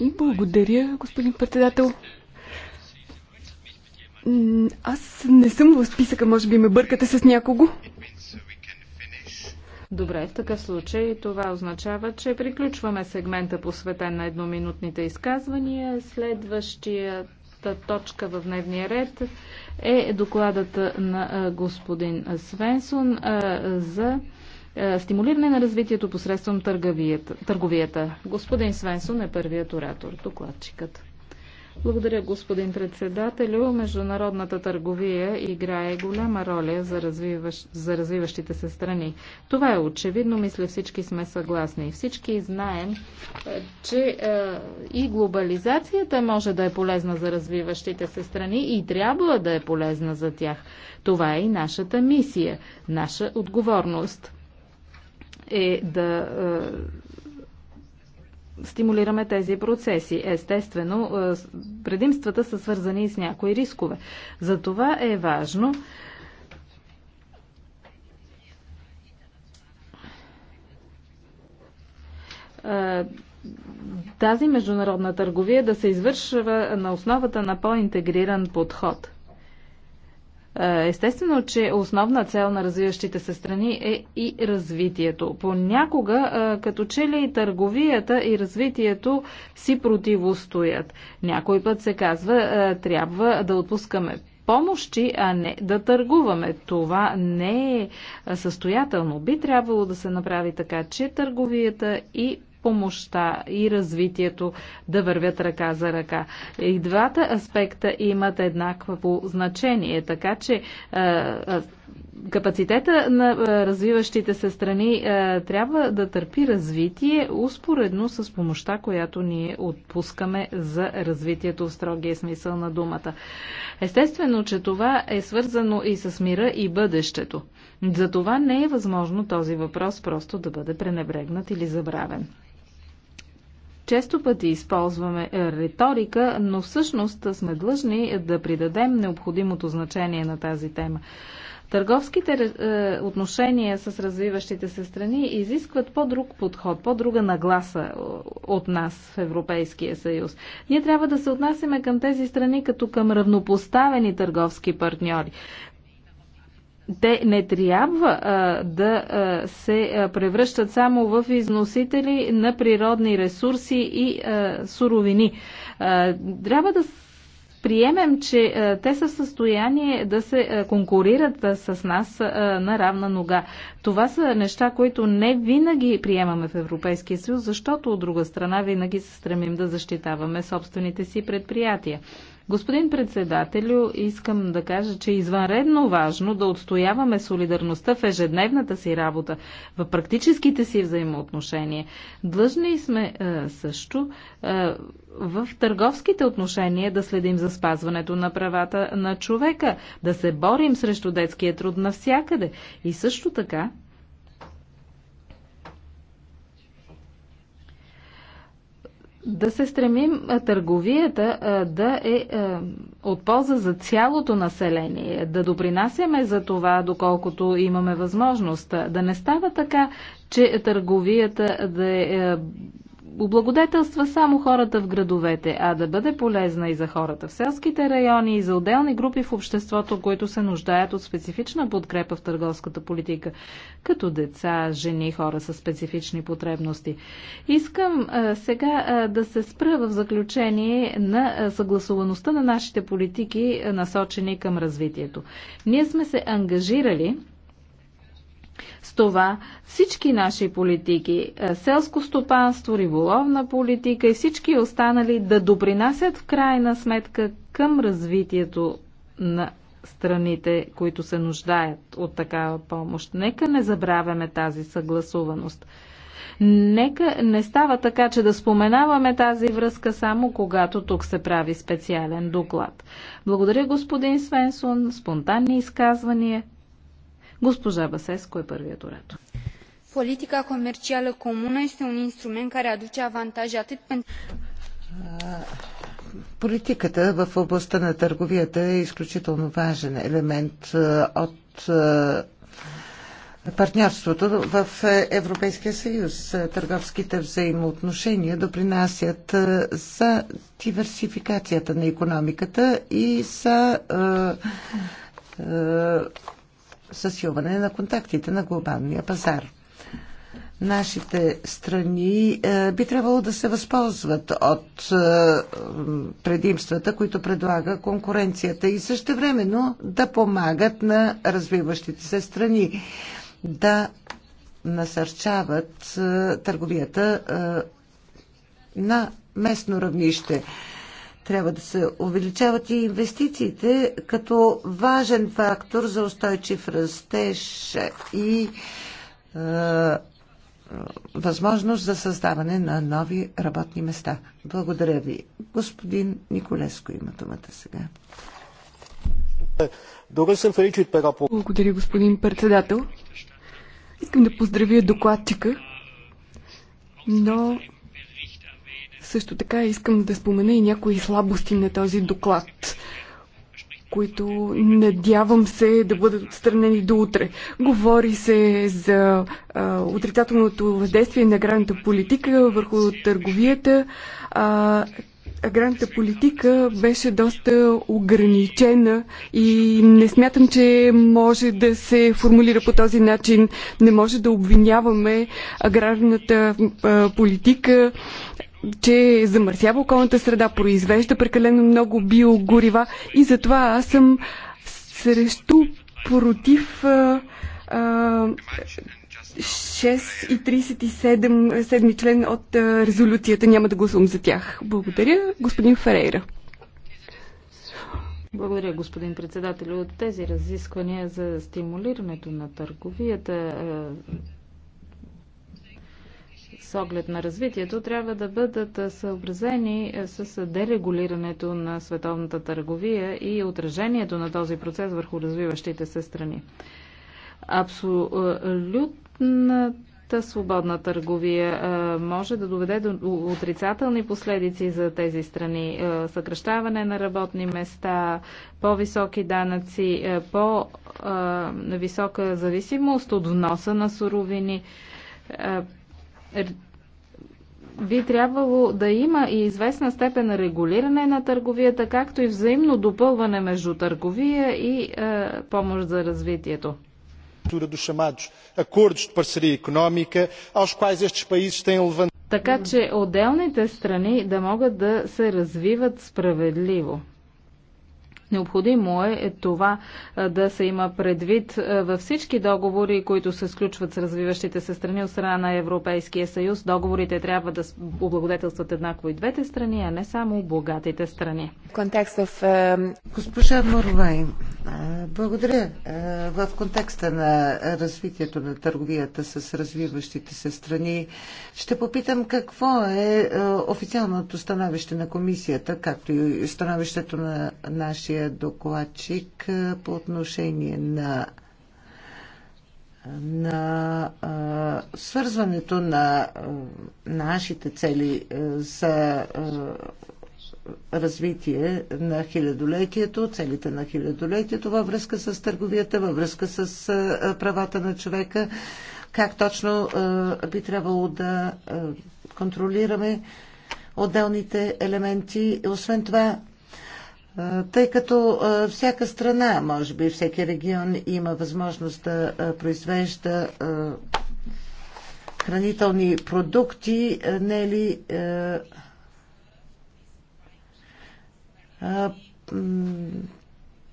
Благодаря, господин председател. Аз не съм в списъка, може би ме бъркате с някого. Добре, в такъв случай това означава, че приключваме сегмента посветен на едноминутните изказвания. Следващията точка в дневния ред е докладът на господин Свенсон за е, стимулиране на развитието посредством търговията. Господин Свенсон е първият оратор, докладчикът. Благодаря, господин председателю. Международната търговия играе голяма роля за, развиваш... за развиващите се страни. Това е очевидно, мисля всички сме съгласни. Всички знаем, е, че е, и глобализацията може да е полезна за развиващите се страни и трябва да е полезна за тях. Това е и нашата мисия, наша отговорност е да е, стимулираме тези процеси. Естествено, е, предимствата са свързани с някои рискове. За това е важно е, тази международна търговия да се извършва на основата на по-интегриран подход – е, естествено, че основна цел на развиващите се страни е и развитието. Понякога, е, като че ли и търговията и развитието си противостоят. Някой път се казва, е, трябва да отпускаме помощи, а не да търгуваме. Това не е състоятелно. Би трябвало да се направи така, че търговията и помощта и развитието да вървят ръка за ръка. И двата аспекта имат еднакво значение, така че е, е, капацитета на е, развиващите се страни трябва да търпи развитие успоредно с помощта, която ние отпускаме за развитието в строгия смисъл на думата. Естествено, че това е свързано и с мира и бъдещето. Затова не е възможно този въпрос просто да бъде пренебрегнат или забравен. Често пъти използваме е, риторика, но всъщност сме длъжни да придадем необходимото значение на тази тема. Търговските е, отношения с развиващите се страни изискват по-друг подход, по-друга нагласа е, от нас в Европейския съюз. Ние трябва да се отнасяме към тези страни като към равнопоставени търговски партньори те не трябва а, да а, се а, превръщат само в износители на природни ресурси и а, суровини. А, трябва да приемем, че а, те са в състояние да се а, конкурират а, с нас а, на равна нога. Това са неща, които не винаги приемаме в Европейския съюз, защото от друга страна винаги се стремим да защитаваме собствените си предприятия. Господин председателю, искам да кажа, че е извънредно важно да отстояваме солидарността в ежедневната си работа, в практическите си взаимоотношения. Длъжни сме е, също е, в търговските отношения да следим за спазването на правата на човека, да се борим срещу детския труд навсякъде и също така да се стремим търговията да е от полза за цялото население, да допринасяме за това, доколкото имаме възможност, да не става така, че търговията да е облагодетелства само хората в градовете, а да бъде полезна и за хората в селските райони, и за отделни групи в обществото, които се нуждаят от специфична подкрепа в търговската политика, като деца, жени, хора с специфични потребности. Искам а, сега а, да се спра в заключение на а, съгласуваността на нашите политики, а, насочени към развитието. Ние сме се ангажирали това всички наши политики, е, селско стопанство, риболовна политика и всички останали да допринасят в крайна сметка към развитието на страните, които се нуждаят от такава помощ. Нека не забравяме тази съгласуваност. Нека не става така, че да споменаваме тази връзка само когато тук се прави специален доклад. Благодаря господин Свенсон, спонтанни изказвания. Госпожа Басеско е първият оратор. Политика comună este un instrument care aduce avantaje atât pentru Политиката в областта на търговията е изключително важен елемент от партньорството в Европейския съюз. Търговските взаимоотношения допринасят за диверсификацията на економиката и за засилване на контактите на глобалния пазар. Нашите страни е, би трябвало да се възползват от е, предимствата, които предлага конкуренцията и също времено да помагат на развиващите се страни да насърчават е, търговията на местно равнище. Трябва да се увеличават и инвестициите като важен фактор за устойчив растеж и е, възможност за създаване на нови работни места. Благодаря ви. Господин Николеско има думата сега. Благодаря, господин председател. Искам да поздравя докладчика, но също така искам да спомена и някои слабости на този доклад които надявам се да бъдат отстранени до утре. Говори се за а, отрицателното въздействие на аграрната политика върху търговията. А, аграрната политика беше доста ограничена и не смятам, че може да се формулира по този начин. Не може да обвиняваме аграрната политика че замърсява околната среда, произвежда прекалено много биогорива и затова аз съм срещу против а, а, 6 и 37 седми член от а, резолюцията. Няма да гласувам за тях. Благодаря, господин Ферейра. Благодаря, господин председател. От тези разисквания за стимулирането на търговията с оглед на развитието трябва да бъдат съобразени с дерегулирането на световната търговия и отражението на този процес върху развиващите се страни. Абсолютната свободна търговия може да доведе до отрицателни последици за тези страни. Съкръщаване на работни места, по-високи данъци, по-висока зависимост от вноса на суровини, би трябвало да има и известна степен регулиране на търговията, както и взаимно допълване между търговия и е, помощ за развитието. Така че отделните страни да могат да се развиват справедливо. Необходимо е това да се има предвид във всички договори, които се сключват с развиващите се страни от страна на Европейския съюз. Договорите трябва да облагодетелстват еднакво и двете страни, а не само богатите страни. в... госпожа Морвай, благодаря. В контекста на развитието на търговията с развиващите се страни, ще попитам какво е официалното становище на комисията, както и становището на нашия нашия докладчик по отношение на на а, свързването на а, нашите цели а, за а, развитие на хилядолетието, целите на хилядолетието във връзка с търговията, във връзка с а, правата на човека, как точно а, би трябвало да а, контролираме отделните елементи. Освен това, тъй като всяка страна, може би всеки регион има възможност да произвежда хранителни продукти, не ли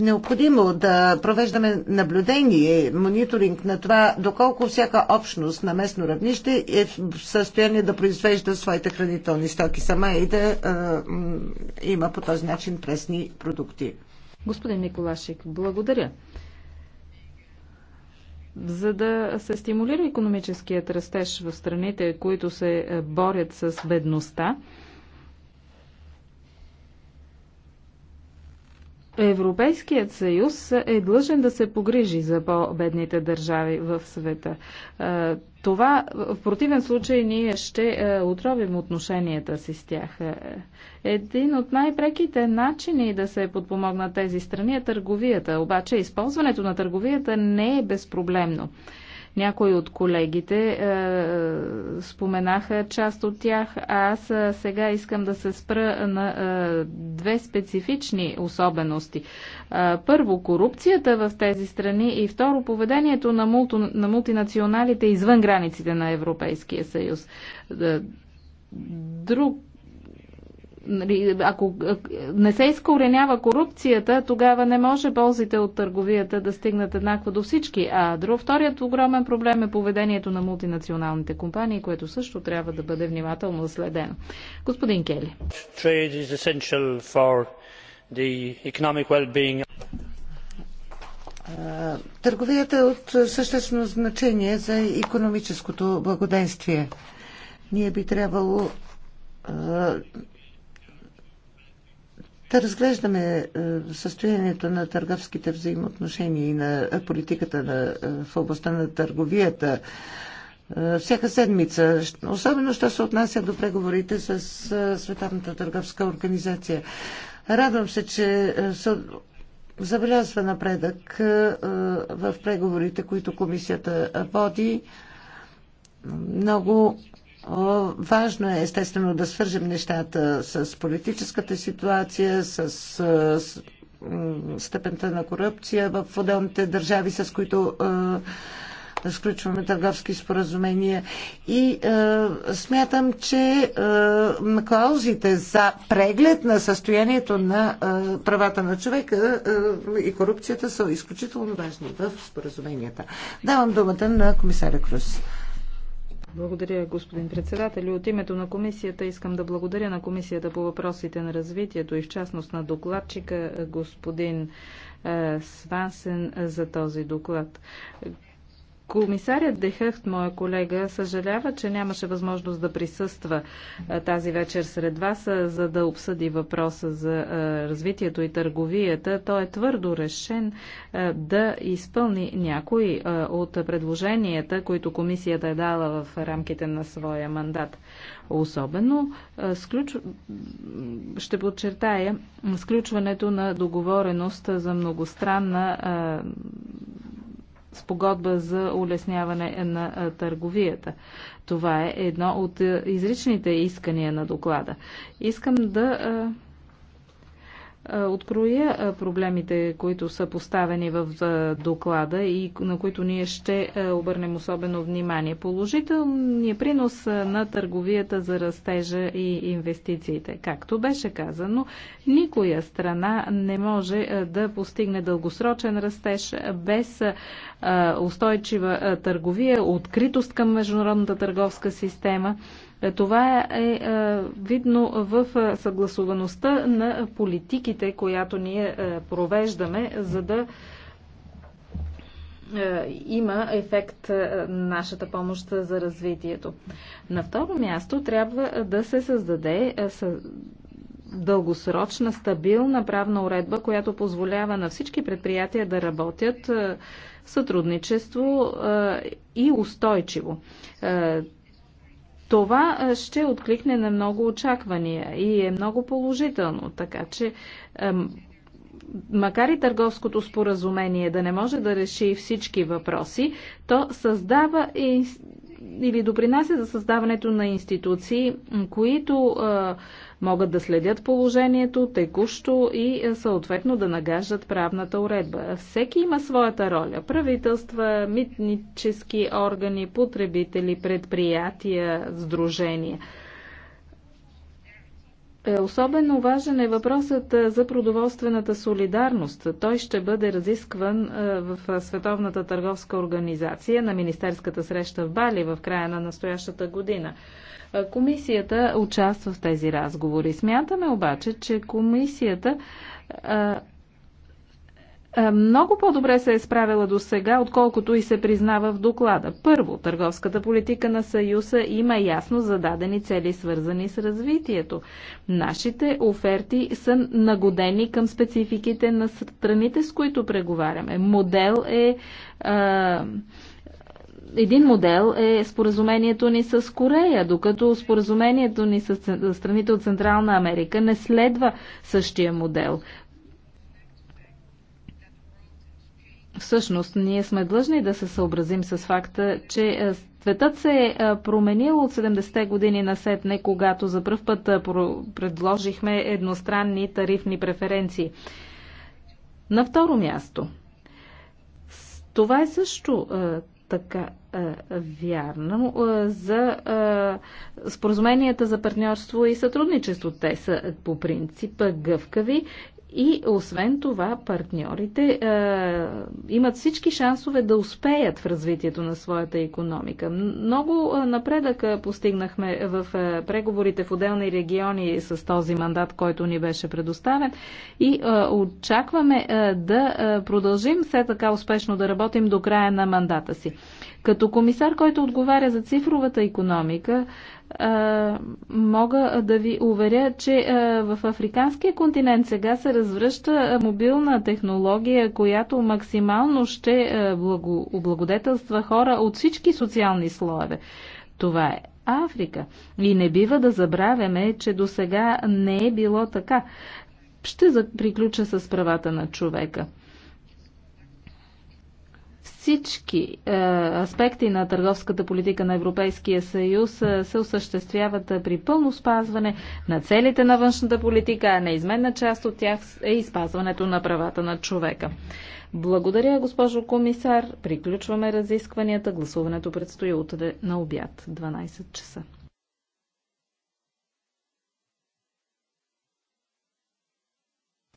необходимо да провеждаме наблюдение, мониторинг на това, доколко всяка общност на местно равнище е в състояние да произвежда своите хранителни стоки сама и да е, има по този начин пресни продукти. Господин Николашик, благодаря. За да се стимулира економическият растеж в страните, които се борят с бедността, Европейският съюз е длъжен да се погрижи за по-бедните държави в света. Това, в противен случай, ние ще отровим отношенията си с тях. Един от най-преките начини да се подпомогнат тези страни е търговията. Обаче използването на търговията не е безпроблемно. Някои от колегите е, е, споменаха част от тях, а аз е, сега искам да се спра на е, две специфични особености. Е, първо, корупцията в тези страни и второ, поведението на, мулту, на мултинационалите извън границите на Европейския съюз. Е, друг Нали, ако не се изкоренява корупцията, тогава не може ползите от търговията да стигнат еднакво до всички. А друг, вторият огромен проблем е поведението на мултинационалните компании, което също трябва да бъде внимателно следено. Господин Кели. Търговията е от съществено значение за економическото благоденствие. Ние би трябвало да разглеждаме е, състоянието на търговските взаимоотношения и на е, политиката на, е, в областта на търговията всяка седмица, особено що се отнася до преговорите с Световната търговска организация. Радвам се, че се забелязва напредък в преговорите, които комисията води. Много Важно е естествено да свържем нещата с политическата ситуация, с, с степента на корупция в отделните държави, с които е, сключваме търговски споразумения. И е, смятам, че е, клаузите за преглед на състоянието на е, правата на човека е, и корупцията са изключително важни в споразуменията. Давам думата на комисаря Крус. Благодаря, господин председател. От името на комисията искам да благодаря на комисията по въпросите на развитието и в частност на докладчика господин Свансен за този доклад. Комисарят Дехъхт, моя колега, съжалява, че нямаше възможност да присъства тази вечер сред вас, за да обсъди въпроса за развитието и търговията. Той е твърдо решен да изпълни някои от предложенията, които комисията е дала в рамките на своя мандат. Особено сключ... ще подчертая сключването на договореност за многостранна спогодба за улесняване на търговията. Това е едно от изричните искания на доклада. Искам да е, откроя е, проблемите, които са поставени в е, доклада и на които ние ще обърнем особено внимание. Положителният принос на търговията за растежа и инвестициите. Както беше казано, никоя страна не може да постигне дългосрочен растеж без устойчива търговия, откритост към международната търговска система това е, е видно в е, съгласуваността на политиките, която ние е, провеждаме, за да има ефект нашата помощ за развитието. На второ място трябва да се създаде дългосрочна, стабилна правна уредба, която позволява на всички предприятия да работят сътрудничество и устойчиво. Това ще откликне на много очаквания и е много положително, така че макар и търговското споразумение да не може да реши всички въпроси, то създава и или допринася за създаването на институции, които а, могат да следят положението текущо и съответно да нагаждат правната уредба. Всеки има своята роля. Правителства, митнически органи, потребители, предприятия, сдружения. Е, особено важен е въпросът е, за продоволствената солидарност. Той ще бъде разискван е, в Световната търговска организация на Министерската среща в Бали в края на настоящата година. Комисията участва в тези разговори. Смятаме обаче, че комисията е, много по-добре се е справила до сега, отколкото и се признава в доклада. Първо, търговската политика на Съюза има ясно зададени цели, свързани с развитието. Нашите оферти са нагодени към спецификите на страните, с които преговаряме. Модел е. А, е, един модел е споразумението ни с Корея, докато споразумението ни с страните от Централна Америка не следва същия модел. Всъщност, ние сме длъжни да се съобразим с факта, че е, светът се е, е променил от 70-те години насетне, когато за първ път е, предложихме едностранни тарифни преференции. На второ място, това е също така вярно за споразуменията за партньорство и сътрудничество. Те са по принцип гъвкави и освен това, партньорите е, имат всички шансове да успеят в развитието на своята економика. Много е, напредък е, постигнахме в е, преговорите в отделни региони с този мандат, който ни беше предоставен. И е, очакваме е, да продължим все така успешно да работим до края на мандата си. Като комисар, който отговаря за цифровата економика, мога да ви уверя, че в африканския континент сега се развръща мобилна технология, която максимално ще облагодетелства хора от всички социални слоеве. Това е Африка. И не бива да забравяме, че до сега не е било така. Ще приключа с правата на човека всички е, аспекти на търговската политика на Европейския съюз е, се осъществяват е, при пълно спазване на целите на външната политика, а неизменна част от тях е и спазването на правата на човека. Благодаря, госпожо комисар. Приключваме разискванията. Гласуването предстои утре на обяд, 12 часа.